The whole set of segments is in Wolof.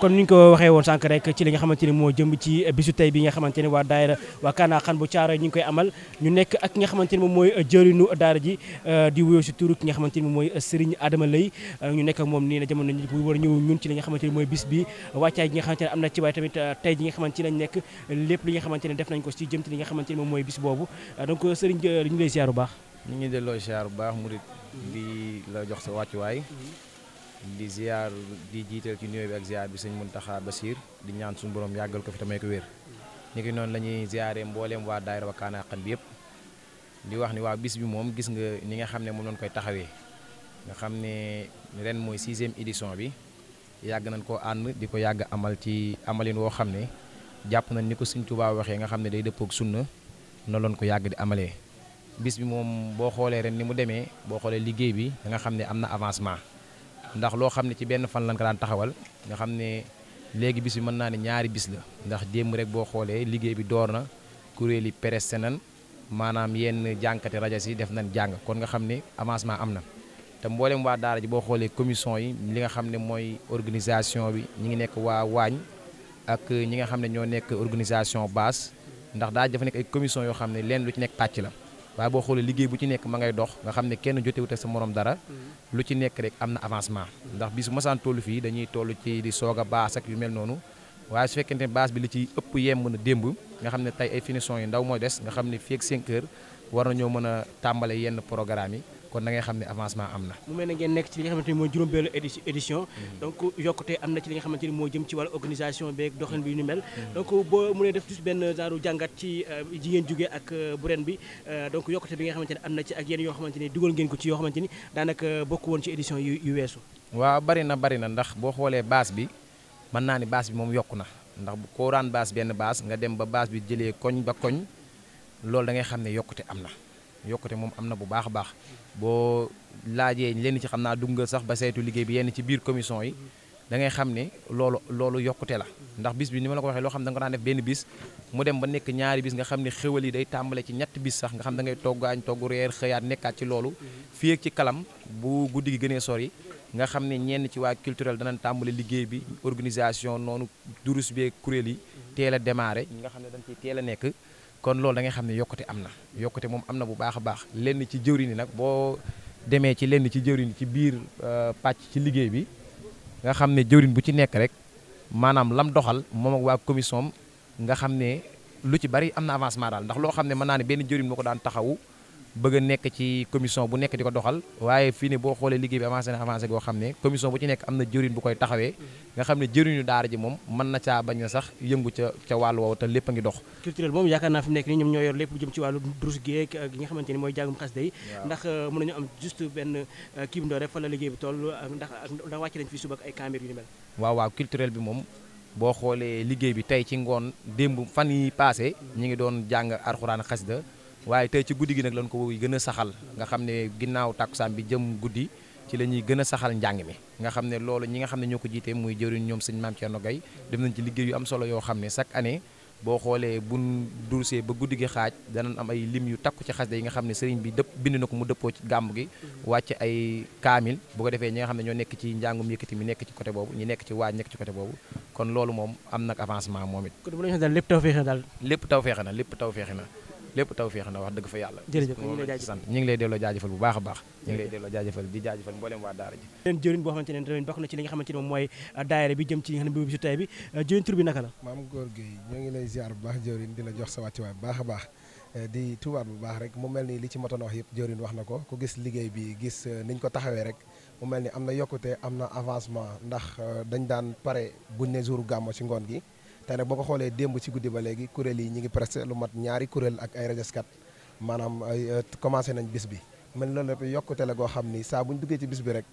kon ni ñu ko waxee woon sànq rek ci li nga xamante ni moo jëm ci bisu tey bi nga xamante ni waa daayira waa Kaana Xan bu Caaroy ñu ngi koy amal ñu nekk ak ki nga xamante ni moom mooy jëriñu daara ji euh, di ki nga xamante ni moom mooy Serigne Adama Lay euh, ñu nekk moom nii na jamono ji bu war a ñun ci li nga xamante ni mooy bis bi wàccaay gi nga xamante na ci tamit euh, tey ji nga xamante nekk lépp li nga xamante ne def nañ ko si jëm li nga xamante ni moom mooy bis boobu donc Serigne ñu lay ziar bu baax ñu ngi delloo ziar bu baax murit di la jox sa waay di ziar di jiital ci nuyoo bi ak ziar bi sëñ taxaar Basiir di ñaan suñu borom yàggal ko fi tamay ko wér ñu ngi noonu la ñuy ziaree mbooleem waa daayira Wakana Haqqan bi yëpp di wax ni waa bis bi moom gis nga ni nga xam ne moom lañ koy taxawee nga xam ne ren mooy sixième édition bi yàgg nañ koo ànd di ko yàgg amal ci amalin woo xam ne jàpp nañ ni ko sëñ Tuubaa waxee nga xam ne day dëppoog sunna noonu loon ko yàgg di amalee bis bi moom boo xoolee ren ni mu demee boo xoolee liggéey bi da nga xam ne am na avancement ndax loo xam ne ci benn fan lañ ko daan taxawal nga xam ne léegi bis bi mën naa ne ñaari bis la ndax démb rek boo xoolee liggéey bi door na kuréel yi presse nan maanaam yenn jànkati rajo si def nañ jàng kon nga xam ne avancement am na te mboolem waa daara ji boo xoolee commission yi li nga xam ne mooy organisation bi ñi ngi nekk waa waañ ak ñi nga xam ne ñoo nekk organisation baas ndax daa dafa nekk ay commission yoo xam ne leen lu ci nekk pàcc la waaye boo xoolee liggéey bu ci nekk ma ngay dox nga xam ne kenn jotewute sa morom dara mm. lu ci nekk rek am na avancement ndax bis bu masaan toll fii dañuy toll ci di soog a baas ak yu mel noonu waaye su fekkente ne base bi lu ci ëpp yemb na démb nga xam ne tey ay finition yu ndaw mooy des nga xam ne fii ak 5 heures war na ñoo mën a tàmbale yenn programme yi kon da ngay xam ne avancement am na mu mel ne ngeen nekk ci li nga xamante ni mooy juróom-benn édition donc yokkute am na ci li nga xamante moo jëm ci wàllu organisation beeg doxalin bi ñu mel mm. donc boo mu ne def juste benn genre jàngat ci euh, ji ngeen jógee ak euh, bu ren bi euh, donc yokkute bi nga xamante ne am na ci ak yéen yoo xamante ni dugal ngeen ko ci yoo xamante ni daanaka bokk woon ci édition yu weesu waaw bari na bari na ndax boo xoolee baas bi mën naa ni base bi moom yokku na ndax bu koo raan base benn baas nga dem ba base bi jëlee koñ ba koñ loolu da xam ne yokkute am na yokkute moom am na bu baax a boo laajee lenn ci xam naa dugg nga sax ba saytu liggéey bi yenn ci biir commission yi da xam ne loolu loolu yokkute la ndax bis bi ni ma la ko waxee loo xam ne da nga ko def benn bis mu dem ba nekk ñaari bis nga xam ne xéwal yi day tàmbale ci ñetti bis sax nga xam da ngay togg añ togg reer xëyaat nekkaat ci loolu fii ak ci kalam bu guddi gi gënee sori nga xam ne ñenn ci waa culturel danañ tàmbale liggéey bi organisation noonu durus bee kuréel yi teel ne dañ ciy a nekk kon loolu da nga xam ne yokkute am na yokkute moom am na bu baax a baax lenn ci jëwriñ yi nag boo demee ci lenn ci jëwriñ ci biir euh, pàcc ci liggéey bi nga xam ne jëwriñ bu ci nekk rek maanaam lam doxal moom ak waa commission nga xam ne lu ci bari am na avancement daal ndax loo xam ne mën naa ne benn jëwriñ moo ko daan taxawu bëgg a nekk ci commission bu nekk di ko doxal waaye fii ni boo xoolee liggéey bi avancé na avancé goo xam ne commission bu ci nekk am na bu koy taxawee xam ne jëriñu daar ji moom mën na ca bañ a sax yëngu ca ca wàllu woowu te lépp a ngi dox culturel moom yaakaar naa nekk nii ñoom ñoo yor lépp lu jëm ci wàllu drus geek ndax euh, mën nañu am juste benn euh, kii bi ndoore fa la liggéey bi toll ndax ndax wàcc nañ fi suba ak ay caméra yu ni bi moom boo xoolee liggéey bi tey ci ngoon démb fan yi passé ñi ngi doon jàng alxuraan xasida waaye tey ci guddi gi nag lañ ko gën a saxal nga xam ne ginnaaw tàkkusaan bi jëm guddi ci la ñuy gën a saxal njàng mi nga xam ne loolu ñi nga xam ne ñoo ko jiitee muy jëriñ ñoom sëñ Maam Thierno Gaye ci liggéey yu am solo yoo xam ne chaque année boo xoolee buñ dursee ba guddi gi xaaj danañ am ay lim yu takku ci xasida nga xam ne sëriñ bi dëpp bind na ko mu dëppoo ci gàmm gi wàcc ay kaamil bu ko defee ñi nga xam ne ñoo nekk ci njàngum yëkkati mi nekk ci côté boobu ñi nekk ci waaj nekk ci côté boobu kon loolu moom am nag avancement moom it lépp taw feexe na lépp taw feexe na lépp taw na wax dëgg fa yàlla sant ñu ngi lay delloo jaajëfal bu baax a baax ñu ngi lay delloo jaajëfal di jaajëfal mboolem waa daara ji leen jëriñ boo xamante ne tamit bokk na ci li nga xamante ne moom mooy uh, daayira bi jëm ci nga xam ne bi bisu uh, tay bi jëriñ maam góor géey ñoo ngi lay ziar bu baax jëriñ jox sa wàccuwaay bu baax a baax uh, di tubaab baax rek mu mel ni li ci matoon wax yëpp jëriñ wax na ko ku gis liggéey bi gis niñ ko taxawee rek mu mel ni am na yokkute am na avancement ndax dañ daan pare buñ ne jour gàmmo ci ngoon gi tey nag boo ko xoolee démb ci guddi ba léegi kuréel yi ñu ngi presque lu mat ñaari kuréel ak ay rajaskat maanaam ay euh, commencé nañ bis bi man loolu rek yokkute la goo xam ni saa bu ñu duggee ci bis bi rek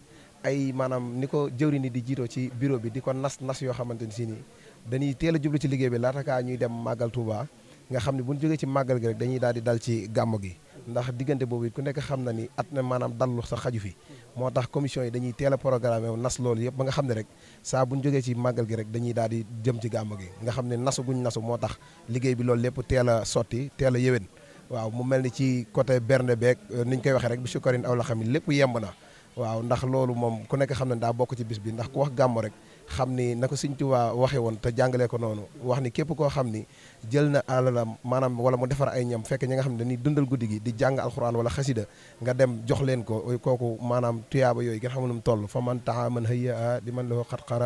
ay maanaam ni ko jëwri ni di jiitoo ci bureau bi di ko nas nas yoo xamante ni si nii dañuy teel a jublu ci liggéey bi laata kaa ñuy dem màggal Touba nga xam ne bu ñu jógee ci màggal gi rek dañuy daal di dal ci gàmmu gi ndax diggante boobu it ku nekk xam na ni at na maanaam dallu sa xaju fi moo tax commission yi dañuy teel a programme nas loolu yëpp ba nga xam ne rek saa bu ñu jógee ci màggal gi rek dañuy daal di jëm ci gàmmu gi nga xam ne nasu guñ nasu moo tax liggéey bi loolu lépp teel a sotti teel a yéwén waaw mu mel ni ci coté berne beeg euh, ni ñu koy waxee rek bi sukkarin aw la xam lépp yemb na waaw ndax loolu moom ku nekk xam ne daa bokk ci bis bi ndax wax gàmmu rek xam ni na ko Sëñ Tuubaa waxee woon te jàngalee ko noonu wax ni képp koo xam ni jël na alalam maanaam wala mu defar ay ñam fekk ñi nga xam ne dañuy dundal guddi gi di jàng alxuraan wala xasida nga dem jox leen ko kooku maanaam tuyaaba yooyu nga xam ne mu toll fa man taha man a di man la lahu xat xara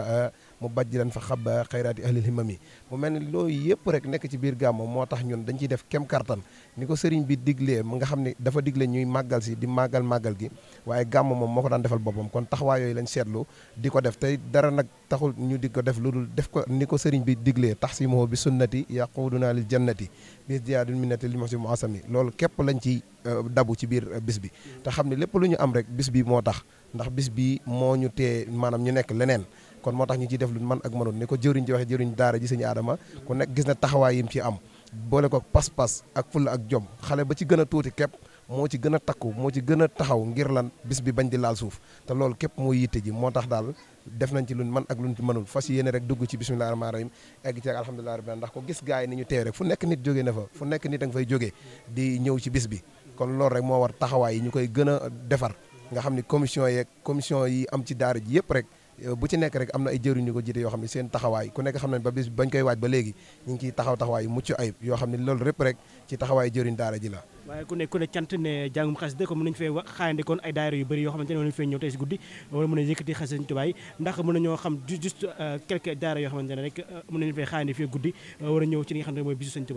mu bajj leen fa xaba xayraati ahlil himam yi mu mel ni loolu yëpp rek nekk ci biir gàmmu moo tax ñun dañ ciy def kem kartan ni ko sëriñ bi diglee mu nga xam ni dafa digle ñuy màggal si di màggal màggal gi waaye gàmmu moom moo ko daan defal boppam kon taxawaay yooyu lañ seetlu di ko def tey dara nag taxul ñu di ko def lu dul def ko ni ko sëriñ bi diglee tax si moo bi sunnati yaquduna lil jannati bis diyaadul minnati li mosi muasami loolu képp lañ ci euh, dabu ci biir euh, bis bi te xam ne lépp lu ñu am rek bis bi moo tax ndax bis bi moo ñu tee maanaam ñu nekk leneen kon moo tax ñu ci def lu man ak mënoon ni ko jëriñ ji waxee jëriñ daara ji sëñ Adama ku nekk gis na taxawaay yim ci am boole ko pas-pas ak fulla ak jom xale ba ci gën a tuuti képp moo ci gën a takku moo ci gën a taxaw ngir lan bis bi bañ di laal suuf te loolu képp moo yitte ji moo tax daal def nañ ci luñ man ak luñ ci mënul fas yéene rek dugg ci bismillahi rahmaani rahim egg ci ak alhamdulillahi rabbil ndax ko gis gaay ni ñu teew rek fu nekk nit jógee na fa fu nekk nit a nga fay di ñëw ci bis bi kon loolu rek moo war taxawaay yi ñu koy gën a defar nga xam ni commission yeeg commission yi am ci daara ji yëpp rek Euh, bu ci nekk rek am na ay jëriñ ñu ko jiite yoo xam ne seen taxawaay ku nekk xam nañ ba bis bañ koy waaj ba léegi ñu ngi ciy taxaw taxawaay mucc ayib ne loolu fee xaayande fee guddi a yëkkati xasida euh, euh, a ñëw ci li nga xam ne mooy bisu Sëriñ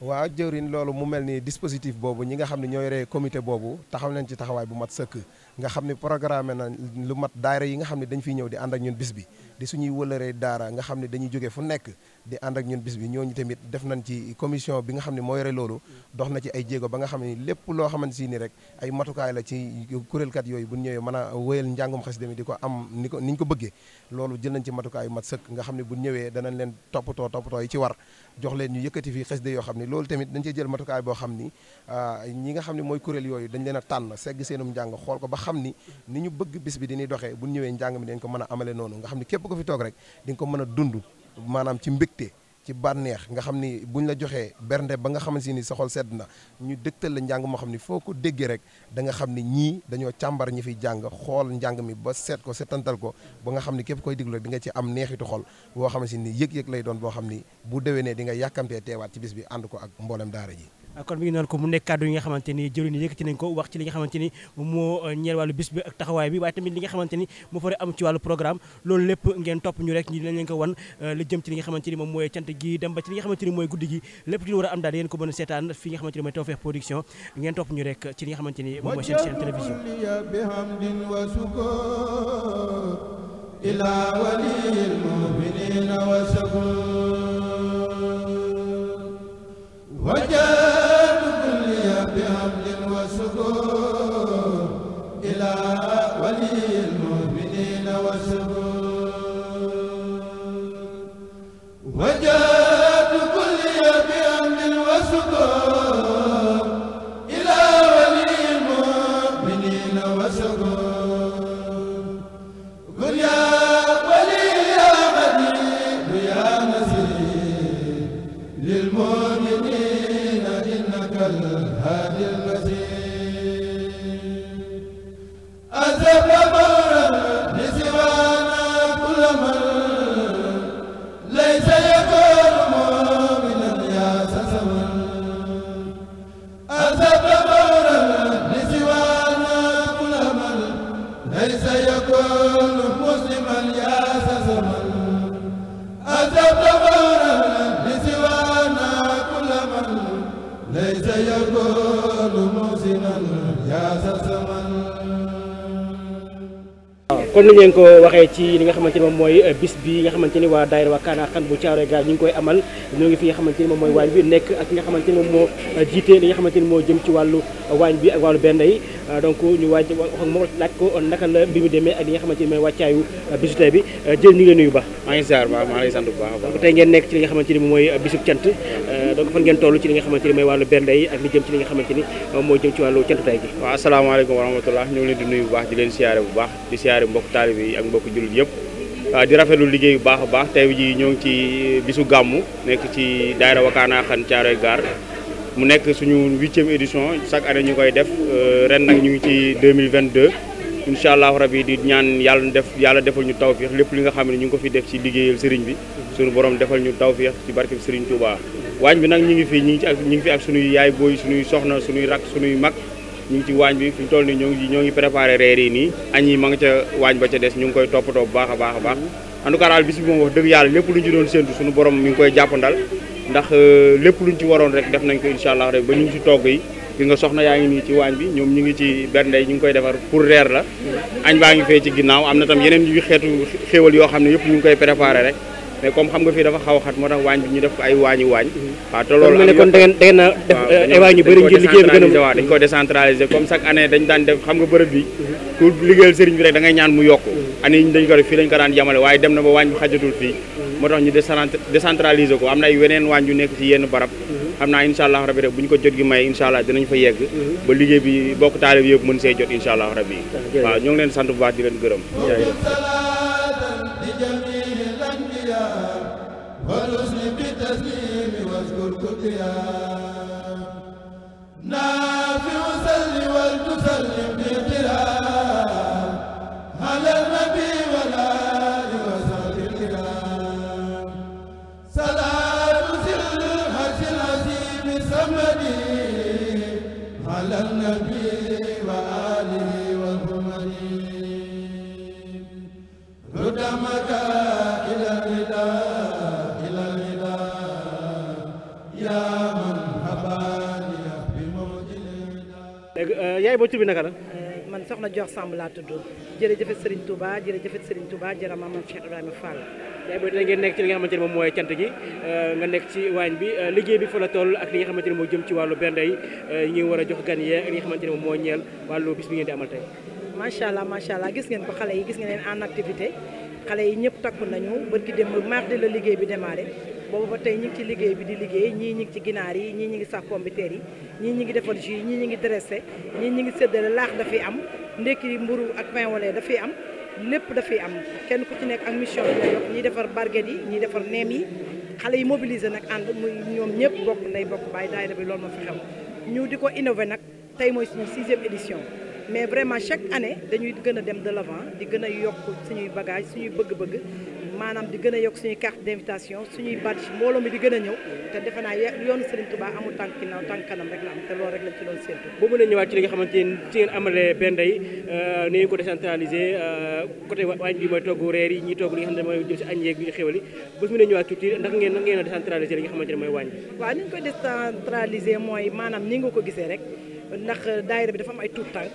waaw jëriñ loolu mu mel ni dispositif boobu ñi nga xam ne ñoo yore comité boobu taxaw nañ ci taxawaay bu mat sëkk nga xam ni programme na lu mat daara yi nga xam ne dañ fiy ñëw di ànd ak ñun bis bi di suñuy wëlëree daara nga xam ne dañuy jógee fu nekk di ànd ak ñun bis bi ñooñu tamit def nañ ci commission bi nga xam ne moo yore loolu dox na ci ay jéego ba nga xam ne lépp loo xamante si ni rek ay matukaay la ci kuréelkat yooyu bu ñëwee mën a wéyal njàngum xasida mi di ko am ni ko ñu ko bëggee loolu jël nañ ci matukaay mat nga xam ne bu ñëwee danañ leen toppatoo ci war jox leen ñu yëkkati fii xasida yoo xam ne loolu tamit dañ jël matukaay boo xam ni ah, nga xam ne mooy kuréel yooyu dañ leen a tànn segg seenum njàng xool ko ba xam ni ni ñu bëgg bis bi diñuy doxee bu ñëwee njàng mi dañ ko mën a amale noonu nga xam ne képp ko fi toog rek di nga ko mën a dund maanaam ci mbégte ci bànneex nga xam ni buñ la joxee bernde ba nga xam si ni sa xol sedd na ñu dëgtal la njàng moo xam ni foo ko déggee rek da nga xam ni ñii dañoo càmbar ñi fi jàng xool njàng mi ba seet ko setantal ko ba nga xam ni képp koy diglu rek di nga ci am neexitu xol boo xam si ni yëg-yëg lay doon boo xam ni bu déwénee di nga yàkkamtee teewaat ci bis bi ànd ko ak mboolem daara ji kon mi ngi noonu ko mu nekk kàddu yi nga xamante ni jëriñ yëkkati nañ ko wax ci li nga xamante ni moo euh, ñeel wàllu bis bi ak taxawaay bi waaye tamit li nga xamante ni moo fa am ci wàllu programme loolu lépp ngeen topp ñu rek ñu dinañ ko wan euh, li jëm ci li nga xamante ni moom mooy cant gi dem ba ci li nga xamante ni mooy guddi gi lépp ci war a am daal yéen ko mën a seetaan fi nga xamante ni mooy Tawfekh Production ngeen topp ñu rek ci li nga xamante ni mooy seen chaîne télévision إلى ولي المؤمنين وسكون وجاء bi comme ni ngeen ko waxee ci li nga xamante ni moom mooy euh, bis bi nga xamante ni waa daayira waa Kaana Xan bu Thiaroye Gare ñu ngi koy amal ñoo fi nga xamante ni moom mooy waañ bi nekk ak nga xamante moo euh, jiite li nga xamante ni moo jëm ci wàllu euh, waañ bi ak wàllu benn yi donc ñu waaj wax ak laaj ko naka la mbir mi demee ak li nga xamante ni mooy wàccaayu bisu bi jël ñu ngi leen nuyu baax maa ngi ziar baax maa ngi sant bu baax tey ngeen nekk ci li nga xamante ni moom mooy bisub cant donc fan ngeen toll ci li nga xamante ni mooy wàllu bernde yi ak li jëm ci li nga xamante ni moo jëm ci wàllu cantutaay gi waaw asalaamaaleykum wa rahmatullah ñu ngi leen di nuyu bu baax di leen siyaare bu baax di siyaare mbokk taalibe yi ak mbokk jullit yëpp ah, di rafetlu liggéey bu baax a baax tey ji ñoo ngi ci bisu gàmmu nekk ci daayira Wakana Xan Gaar mu nekk suñu huitième édition chaque année ñu koy def euh, ren nag ñu ngi ci 2022 incha rab yi di ñaan yàlla def yàlla defal ñu tawfiix lépp li nga xam ne ñu ngi ko fi def ci liggéeyal sëriñ bi sunu borom defal ñu tawfeex ci barkeb Serigne Touba waañ bi nag ñu ngi fii ñu ngi ci ak ñu ngi fi ak suñuy yaay booy suñuy soxna suñuy rak suñuy mag ñu ngi ci waañ bi fi ñu toll nii ñoo ngi ñoo ngi préparé reer yi nii añ yi ma nga ca waañ ba ca des bu baax a baax a baax en tout cas daal bis bi moom wax dëgg yàlla lépp luñ ci doon borom mi ngi koy jàppandal ndax euh, lépp luñ ci waroon rek def nañ ko incha allah rek ba ñu ngi ci togg yi gi nga soxna yaa ngi nii ci waañ bi ñoom ñu ngi ci bernde ñu ngi koy defar pour reer la mm. añ baa ngi fee ci ginnaaw am na tam yeneen yu xeetu xéewal yoo xam ne yëpp ñu ngi koy préparé rek mais comme xam nga fii dafa xaw a xat moo tax waañ bi ñu def ko ay waañu waañ mhm. waaw te loolu kon da ngeen da ngeen a def ay waañ yu bëri ngir liggéey bi gën a waaw euh, dañ daan def xam nga bërëb bi ku mhm. liggéeyal sëriñ bi rek da ñaan mu yokk mhm. année yi dañ ko def fii lañ ko daan yamale waaye dem na ba waañ bi xajatul fii moo tax ñu décentraliser ko am na ay weneen waañ yu nekk ci yenn barab xam naa insha allah rabi rek bu ñu ko jot gi may insha allah dinañ fa yegg ba liggéey bi bokk taalib yëpp mën see jot insha allah rabi waaw ñoo leen sant bu baax di leen gërëm ولسلم بالتسليم واذكر كل نافع سل والتسل boo bi naka la. Euh, man soxna Jox Samb laa tudd jërëjëf sëriñ tubaa jërëjëf Serigne Touba jërë maam Cheikh Ibrahima Fall. yaay booy dina ngeen nekk ci li nga xamante ne moom mooy cant gi euh, nga nekk ci waañ bi euh, liggéey bi fa la toll ak li nga xamante ne moo jëm ci wàllu bernde yi ngi war a jox gan yee ak li nga xamante ne moo ñeel wàllu bis bi ngeen di amal tey. macha allah macha allah gis ngeen ko xale yi gis ngeen leen en activité xale yi ñëpp takku nañu bërki dem mardi la liggéey bi démarré boobu ba tey ñu ngi ci liggéey bi di liggéey ñii ñu ngi ci ginaar yi ñii ñu ngi sax pombiteer yi ñii ñu ngi defar jus ñii ñu ngi dressé ñii ñu ngi séddale laax dafiy am ndekki mburu ak pain au lait dafiy am lépp dafay am kenn ku ci nekk ak mission bi la defar barget yi ñiy defar neem yi xale yi mobiliser nag ànd muy ñoom ñëpp bokk nday bokk baay bàyyi daayira bi loolu ma fi xew ñu di ko innové nag tey mooy suñu sixième édition mais vraiment chaque année dañuy gën a dem de l'avant di gën a yokk suñuy bagage suñuy bëgg-bëgg maanaam di gën a yokk suñuy carte d'invitation suñuy badge mbooloo mi di gën a ñëw te defe naa yoonu Serigne Touba amul tànk ginnaaw tànk kanam rek la am te loolu rek lañ ci doon séntu boo mën li nga xamante ne ci ngeen amalee benn day euh, ni ngeen ko décentralisé euh, côté waañ bi mooy togg reer yi ñuy togg li nga xam ne mooy jëm si añ yeeg ñu xewali bés mu ne ñëwaat tuuti ndax ngeen ngeen a décentralisé li nga xamante ne mooy waañ bi maanaam ni nga ko gisee rek ndax daayira bi dafa am ay tuut tànk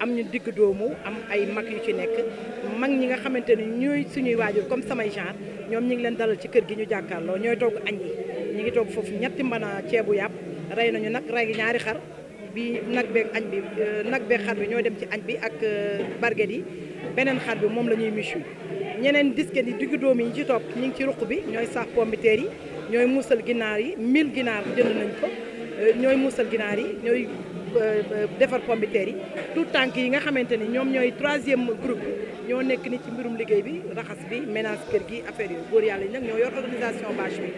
am ñu digg doomu am ay mag yu ci nekk mag ñi nga xamante ni ñooy suñuy waajur comme samay genre ñoom ñi ngi leen dalal ci kër gi ñu jàkkaarloo ñooy togg añ yi ñi ngi togg foofu ñetti mbana ceebu yàpp rey nañu nag rey ñaari xar bi nag beeg añ bi euh, nag beeg xar bi ñooy dem ci añ bi ak euh, barget yi beneen xar bi moom la ñuy michu ñeneen disket yi diggu doom yi ñu ci topp ñu ngi ci ruq bi ñooy sax pombiteer yi ñooy muusal ginaar yi mille ginaar jënd nañ ko euh, ñooy muusal ginaar yi ñooy Euh, defar pombiteer yi tout tànk yi nga xamante ni ñoom ñooy troisième groupe ñoo nekk ni ci mbirum liggéey bi raxas bi ménage kër gi affaire yooyu góor yàlla yi nag ñoo yor organisation bâche bi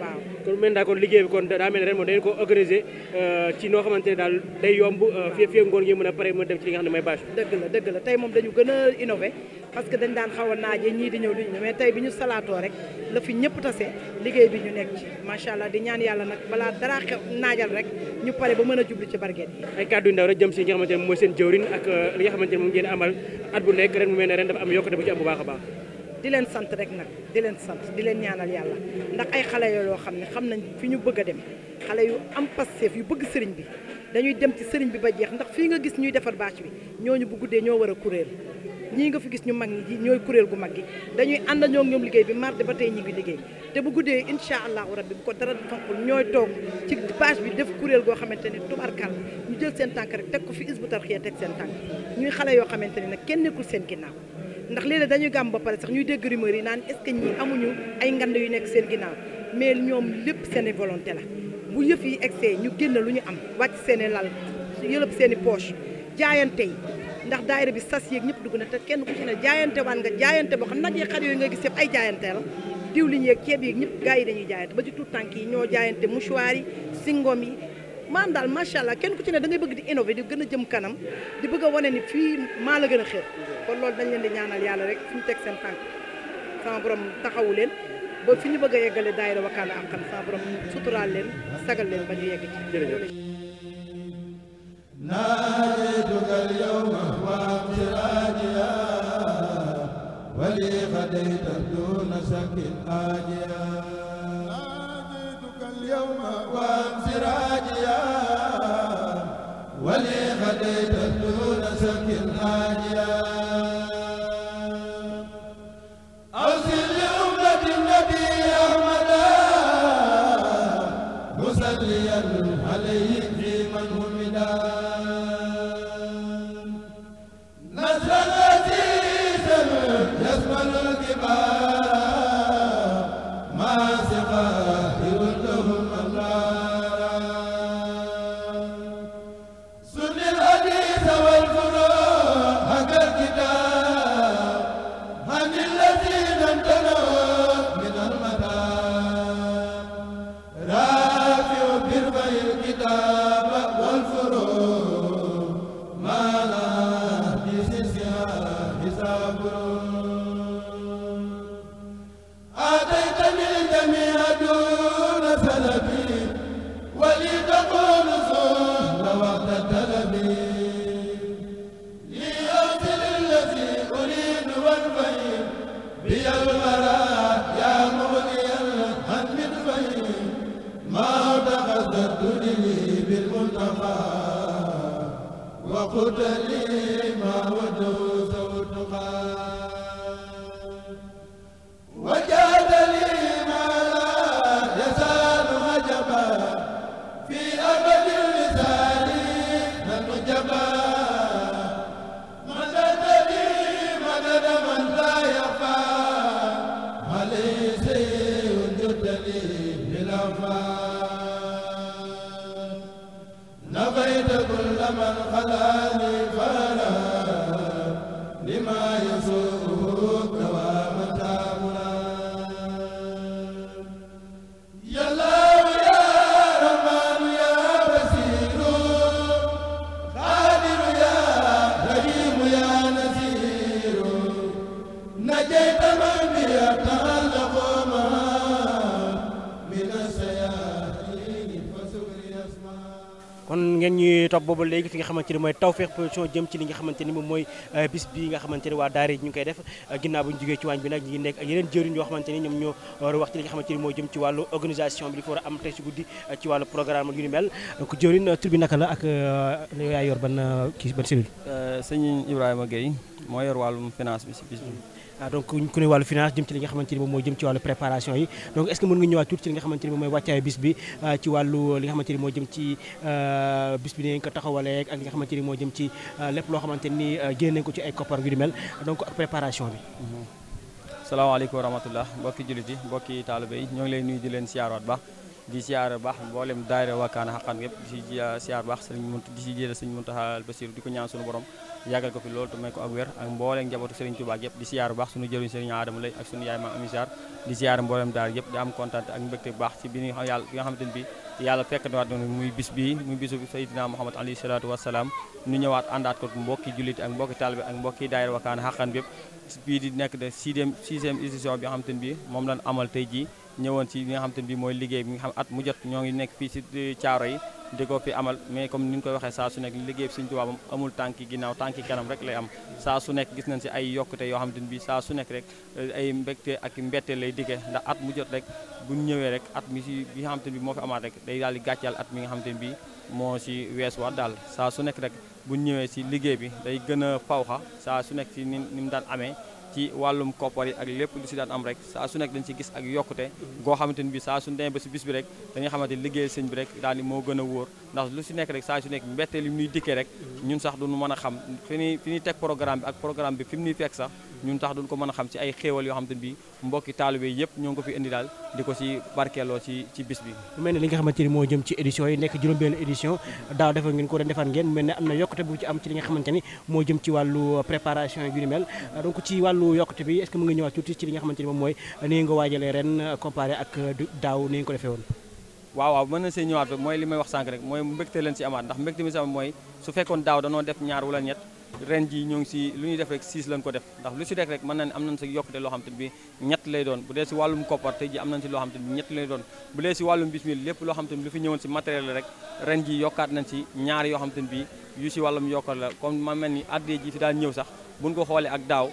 waaw. kon mel daa kon liggéey bi kon daa mel ne ren moom dañu ko organiser euh, ci noo xamante ne daal day yomb euh, fii fii ngoon ngeen mën a pare mën dem ci li bi. dëgg la dëgg la tey moom dañu gën a parce que dañ daan xaw a naajee di ñëw duñu mais tey bi ñu salaatoo rek la fi ñëpp tase liggéey bi ñu nekk ci macha allah di ñaan yàlla nag balaa dara xew naajal rek ñu pare ba mën a jublu ci barget yi ay kàddu yu ndaw rek jëm si nga xamante ne mooy seen jëwrin ak euh, li nga xamante ne moom ngeen amal at bu nekk ren mu mel ne ren dafa am yokkute bu ci bu baax a baax di leen sant rek nag di leen sant di leen ñaanal yàlla ndax ay xale yoo xam ne xam nañ fi ñu bëgg a dem xale yu am passeef yu bëgg sëriñ bi dañuy dem ci sëriñ bi ba jeex ndax fii nga gis ñuy defar bâche ñoo ñu bu guddee ñoo war a kuréel ñii nga fi gis ñu mag ñi ñooy kuréel gu mag gi dañuy ànd ñoo ñoom liggéey bi mardi ba tey ñi ngi liggéey te bu guddee incha allahu rabbi bu ko dara toppul ñooy toog ci page bi def kuréel goo xamante ne tubarkal ñu jël seen tànk rek teg ko fi is isbu tarxiya teg seen tànk ñuy xale yoo xamante ne nag kenn nekkul seen ginnaaw ndax léeg-léeg dañuy gàmm ba pare sax ñuy dégg rumeur yi naan est-ce amuñu ay ngand yu nekk seen ginnaaw mais ñoom lépp seen volonté la bu yëf yi egsee ñu génn lu ñu am wàcc seen lal yëlëb seen i poche jaayante yi ndax daayira bi sas yeeg ñëpp dugg na te kenn ku ci ne jaayante waan nga jaayante boo xam nag yi xar yooyu nga gis yëpp ay jaayante la diwlin yeeg ceeb yeeg ñëpp gars yi dañuy jaayante ba ci tout tànk yi ñoo jaayante mouchoir yi singom yi maanaam daal macha allah kenn ku ci ne da ngay bëgg di innover di gën a jëm kanam di bëgg a wane ni fii maa la gën a xër kon loolu dañ leen di ñaanal yàlla rek fi ñu teg seen tànk sama borom taxawu leen ba fi ñu bëgg a yeggale daayira Wakana ak xam sama borom suturaal leen sagal leen ba ناديتك اليوم واقراجيا ولي غديت دون شك آجيا ناديتك اليوم واقراجيا ولي غديت دون شك آجيا topp booba léegi fi nga xamante ni mooy Tawfekh Production jëm ci li nga xamante ni moom mooy euh, bis bi nga xamante ni waa daara yi ñu ngi koy def euh, ginnaaw bu ñu jógee ci waañ bi nag ñu ngi nekk ak yeneen jëriñ yoo xamante ni ñoom ñoo war a wax ci li nga xamante ni mooy jëm ci wàllu organisation bi li war a am tey si guddi euh, ci wàllu programme yu ni mel donc jëriñ tur bi naka la ak yow yaa yor ban kii ban cellule sëñ Ibrahima Gueye moo yor wàllum finance bi si bis bi Ah, donc ku ne wàllu finance jëm ci li nga xamante ni moom mooy jëm ci wàllu préparation yi donc est-ce que mën nga ñëwaat tuuti ci li nga xamante mooy wàccaayu bis bi ah, ci wàllu li nga xamante ni moo jëm ci ah, bis bi nañ ko taxawalee ak li nga xamante ni jëm ci lépp loo xamante ni génne nañ ko ci ay koppar yu di mel donc ak préparation bi mhm. salaamaaleykum wa rahmatullah mbokki jullit yi mbokki taalibe yi ñoo ngi lay nuyu di leen siyaarwaat baax di siyaar baax mboolem daayira wakkaana xaqan yëpp di si siyaar baax sëriñ munt di si jël sëriñ Muntaxa Basiru di ko ñaan suñu borom yàggal ko fi loolu te may ko ak wér ak mbooleem njabootu sëriñ Tuubaa yëpp di siyaar baax suñu jëriñ sëriñ Aadama lay ak suñu yaay ma ami di siyaar mboolem daayira yëpp di am kontaan ak mbégte baax si bi nga yàlla bi fekk na waat muy bis bii muy bisu Seydina Muhammad alayhi salaatu wasalaam ñëwaat àndaat ko mbokki jullit ak mbokki taalibe ak mbokki daayira wakkaana xaqan bi yëpp bii di nekk de sixième sixième édition ñëwoon ci li nga xam te ne bii mooy liggéey bi nga xam at mu jot ñoo ngi nekk fii si caaro yi di ko fi amal mais comme ni ñu koy waxee saa su nekk liggéey bi Sëñ amul tànki ginnaaw tànki kanam rek lay am saa su nekk gis nañ si ay yokkute yoo xam te ne bii saa su nekk rek euh, ay ak mbette lay dikkee ndax at mu jot rek bu ñëwee rek at mi si bi nga xam te moo fi amaat rek day daal di gàccal at mi nga xam te ne bii moo si weesu waat daal saa su nekk rek bu ñëwee si liggéey bi day gën a fawxa saa su nekk si ni ni mu daan amee ci wàllum koppar yi ak lépp lu si daan am rek saa su nekk dañ si gis ak yokkute goo xamante ni bi saa su demee ba si bis bi rek dañuy xamante liggéey sëñ bi rek daal moo gën a wóor ndax lu si nekk rek saa su nekk mbetteel yi muy dikkee rek ñun sax duñu mën a xam fi ñuy fi ñuy teg programme bi ak programme bi fi mu ñuy fekk sax ñun tax duñ ko mën a xam ci ay xéewal yoo xam te ne bii mbokki taalibe yëpp ñoo ngi ko fi indi daal di ko ci barkeeloo ci bis bi mu mel ni moo jëm ci édition yi nekk juróom-benn édition daaw defal ngeen ko ren defar ngeen mel ne am na yokkute bu ci am ci li nga xamante ni ci wàllu préparation bi est-ce que mën nga ñëwaat tuuti ci li nga xamante ni moom mooy ni nga waajalee ren comparé ak daaw ni nga ko defee woon waaw waaw mën na see ñëwaat mooy li may wax sànq rek mooy mbégte leen ci amaat ndax mbégte mi sama mooy su fekkoon daaw danoo def ñaar wala ñett ren ji ñoo ngi si lu ñuy def rek 6 lañ ko def ndax lu si rek rek mën na ne am nañ sa yokkute loo xam te bi ñett lay doon bu dee si wàllum koppar tey ji am nañ si loo te ñett lay doon bu dee si wàllum bismil lépp loo xam te fi ñëwoon si matériel la rek ren yokkaat nañ ñaar yoo xam te bi yu si wàllum yokkar la comme ma mel ni addee ji sax buñ ko xoolee ak daaw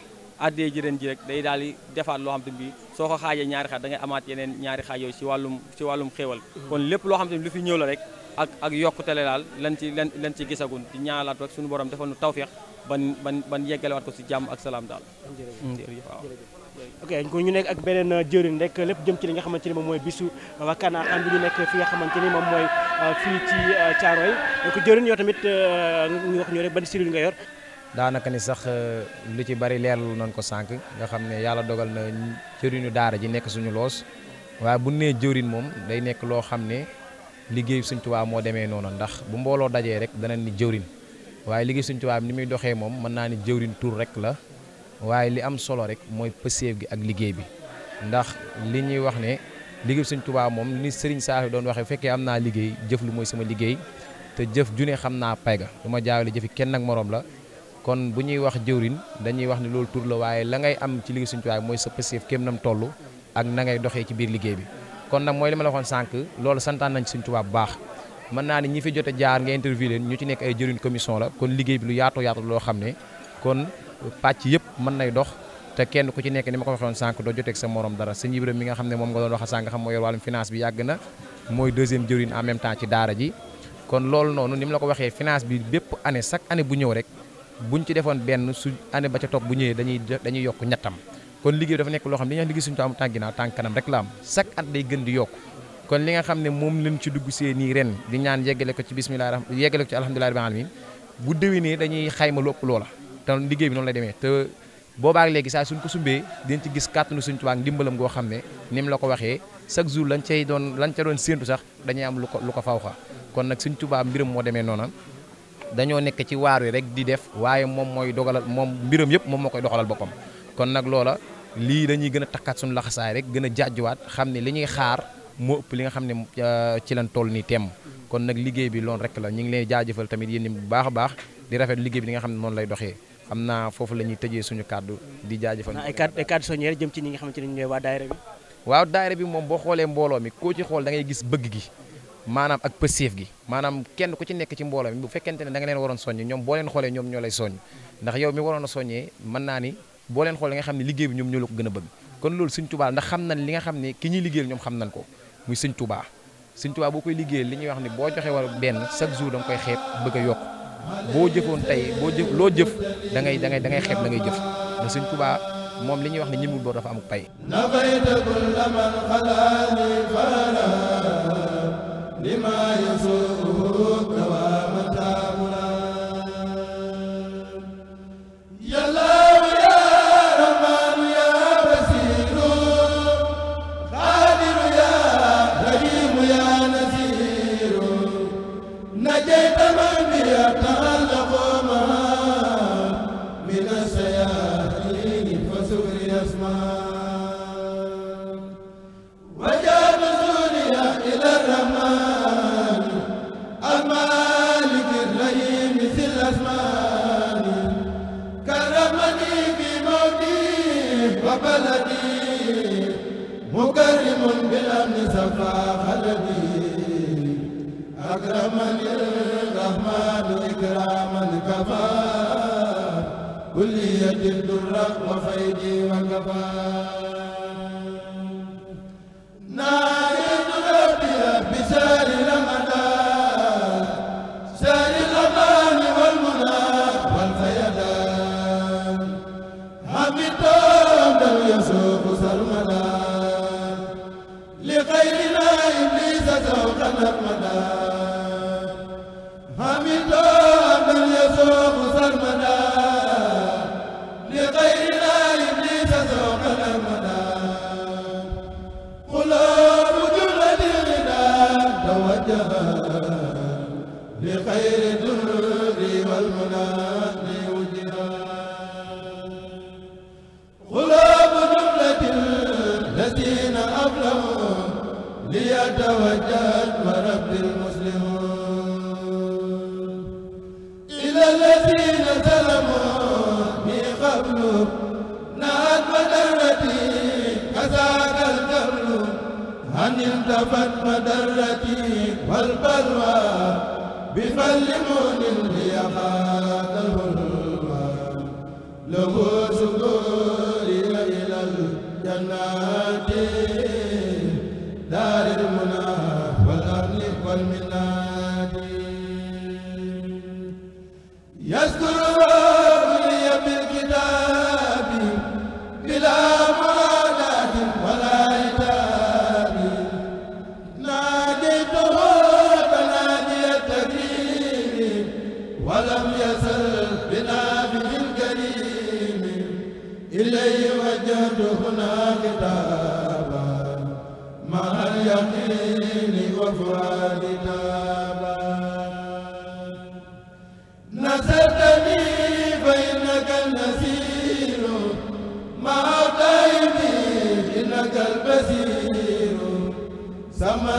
addee ji ji rek day daal di defaat loo xam te bi soo ko xaajee ñaari xaaj da ngay yeneen ñaari xaaj yooyu si wàllum si wàllum xéewal kon lépp loo xam te lu fi ñëw la rek ak ak yokkutele daal lan ci lan lan ci gisagun di ñaalaat rek suñu borom defal nu tawfeex ban ban ban yeggalewaat ko si jàmm ak salaam daal. jërëjëf mm, ok ñu nekk ak beneen euh, jëriñ rek lépp jëm ci li nga xamante ni moom mooy bisu Wakana am bi ñu nekk fi nga xamante ni moom mooy euh, fii euh, jëriñ yoo tamit ñu wax ñu rek ban sirul nga yor. daanaka ni sax lu ci bari leerlu nañ ko sànq nga xam ne yàlla dogal na jëriñu daara ji nekk suñu loos waaye bu nee jëriñ moom day nekk loo xam ne liggéeyu Sëñ Tuubaa moo demee noonu ndax bu mbooloo dajee rek danañ ni jëriñ. waaye liggéey Sëñ Tuubaa ni muy doxee moom mën naa ni jëwrin tur rek la waaye li am solo rek mooy pëseef gi ak liggéey bi ndax li ñuy wax ne liggéey Sëñ Tuubaa moom ni Sëriñ Saaxi doon waxee fekkee am naa liggéey jëf lu mooy sama liggéey te jëf ju ne xam naa pay ga du ma jaawale jëfi kenn ak moroom la kon bu ñuy wax jëwrin dañuy wax ne loolu tur la waaye la ngay am ci liggéey Sëñ Tuubaa mooy sa pëseef kéem nam toll ak na ngay doxee ci biir liggéey bi kon nag mooy la waxoon sànq loolu santaan nañ ci bu baax mën naa ne ñi fi jot jaar nga interview leen ñu ci nekk ay jëriñ commission la kon liggéey bi lu yaatoo yaatu loo xam ne kon pàcc yëpp mën nay dox te kenn ku ci nekk ni ma ko waxee sànq doo joteeg sa morom dara sëñ Ibra mi nga xam ne moom nga doon wax sànq finance bi yàgg na mooy deuxième jëriñ en même temps ci daara ji kon loolu noonu ni mu la ko waxee finance bi bépp année chaque année bu ñëw rek buñ ci defoon benn su année ba ca topp bu ñëwee dañuy dañuy yokk ñettam kon liggéey dafa nekk loo xam ne dañuy liggéey suñu taamu tànk ginnaaw tànk kanam rek la am chaque at day gën di yokk kon li nga xam ne moom lañ ci dugg see nii ren di ñaan yeggale ko ci bismillah rahma yeggale ko ci alhamdulilah rabbil alamin bu déwénee dañuy xayma lu ëpp loola te liggéey bi noonu lay demee te boobaak léegi saa suñ ko sumbee dinañ ci gis kàttanu suñ tubaab ndimbalam goo xam ne ni mu la ko waxee chaque jour lañ cay doon lañ ca doon séentu sax dañuy am lu ko lu ko faw xa kon nag suñ tubaab mbiram moo demee noona dañoo nekk ci waar wi rek di def waaye moom mooy dogalal moom mbiram yëpp moom moo koy doxalal boppam kon nag loola lii dañuy gën a takkaat suñu laxasaay rek gën a jaajuwaat xam ne li ñuy xaar moo ëpp li nga xam ne euh, ci lañ toll nii temm kon nag liggéey bi lool rek la ñu ngi leen jaajëfal tamit yéen bu baax a baax di rafet liggéey bi li nga xam ne noonu lay doxee xam naa foofu la ñuy tëjee suñu kàddu di jaajëfal ay kàddu ay kàddu nga xamante ne ñooy waa daayira bi waaw daayira bi xoolee mbooloo mi koo ci xool gis bëgg gi maanaam ak gi maanaam kenn ku nekk ci mbooloo mi bu fekkente ne da nga leen waroon soññ ñoom boo leen xoolee ñoom ñoo lay soññ naa ni boo leen xoolee nga xam ne liggéey bi ñoom ñoo la ko gën a bëgg kon loolu suñ tubaa ndax xam nañ li nga xam ne ki ñuy liggéeyal ñoom xam nañ ko muy sëñ tubaa sëñ tubaa boo koy liggéey li ñuy wax ni boo joxe war benn chaque jour da koy xeeb bëgg a yokk boo jëfoon tey boo jëf loo jëf da ngay da da ngay xeeb da ngay jëf ndax sëñ Touba moom li ñuy wax ne ñemul boo dafa am pay. li ma التفت مدرتي والبلوى بفلمون ليقاته الهوى له سكوري إلى الجنات دار المنى والأمن والمنى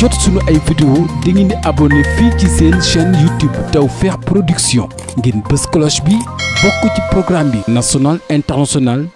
jot suñu ay vidéo da ngeen di abonné fii ci seen chaîne YouTube Tawfekh Production ngeen bës cloche bi bokk ci programme bi national international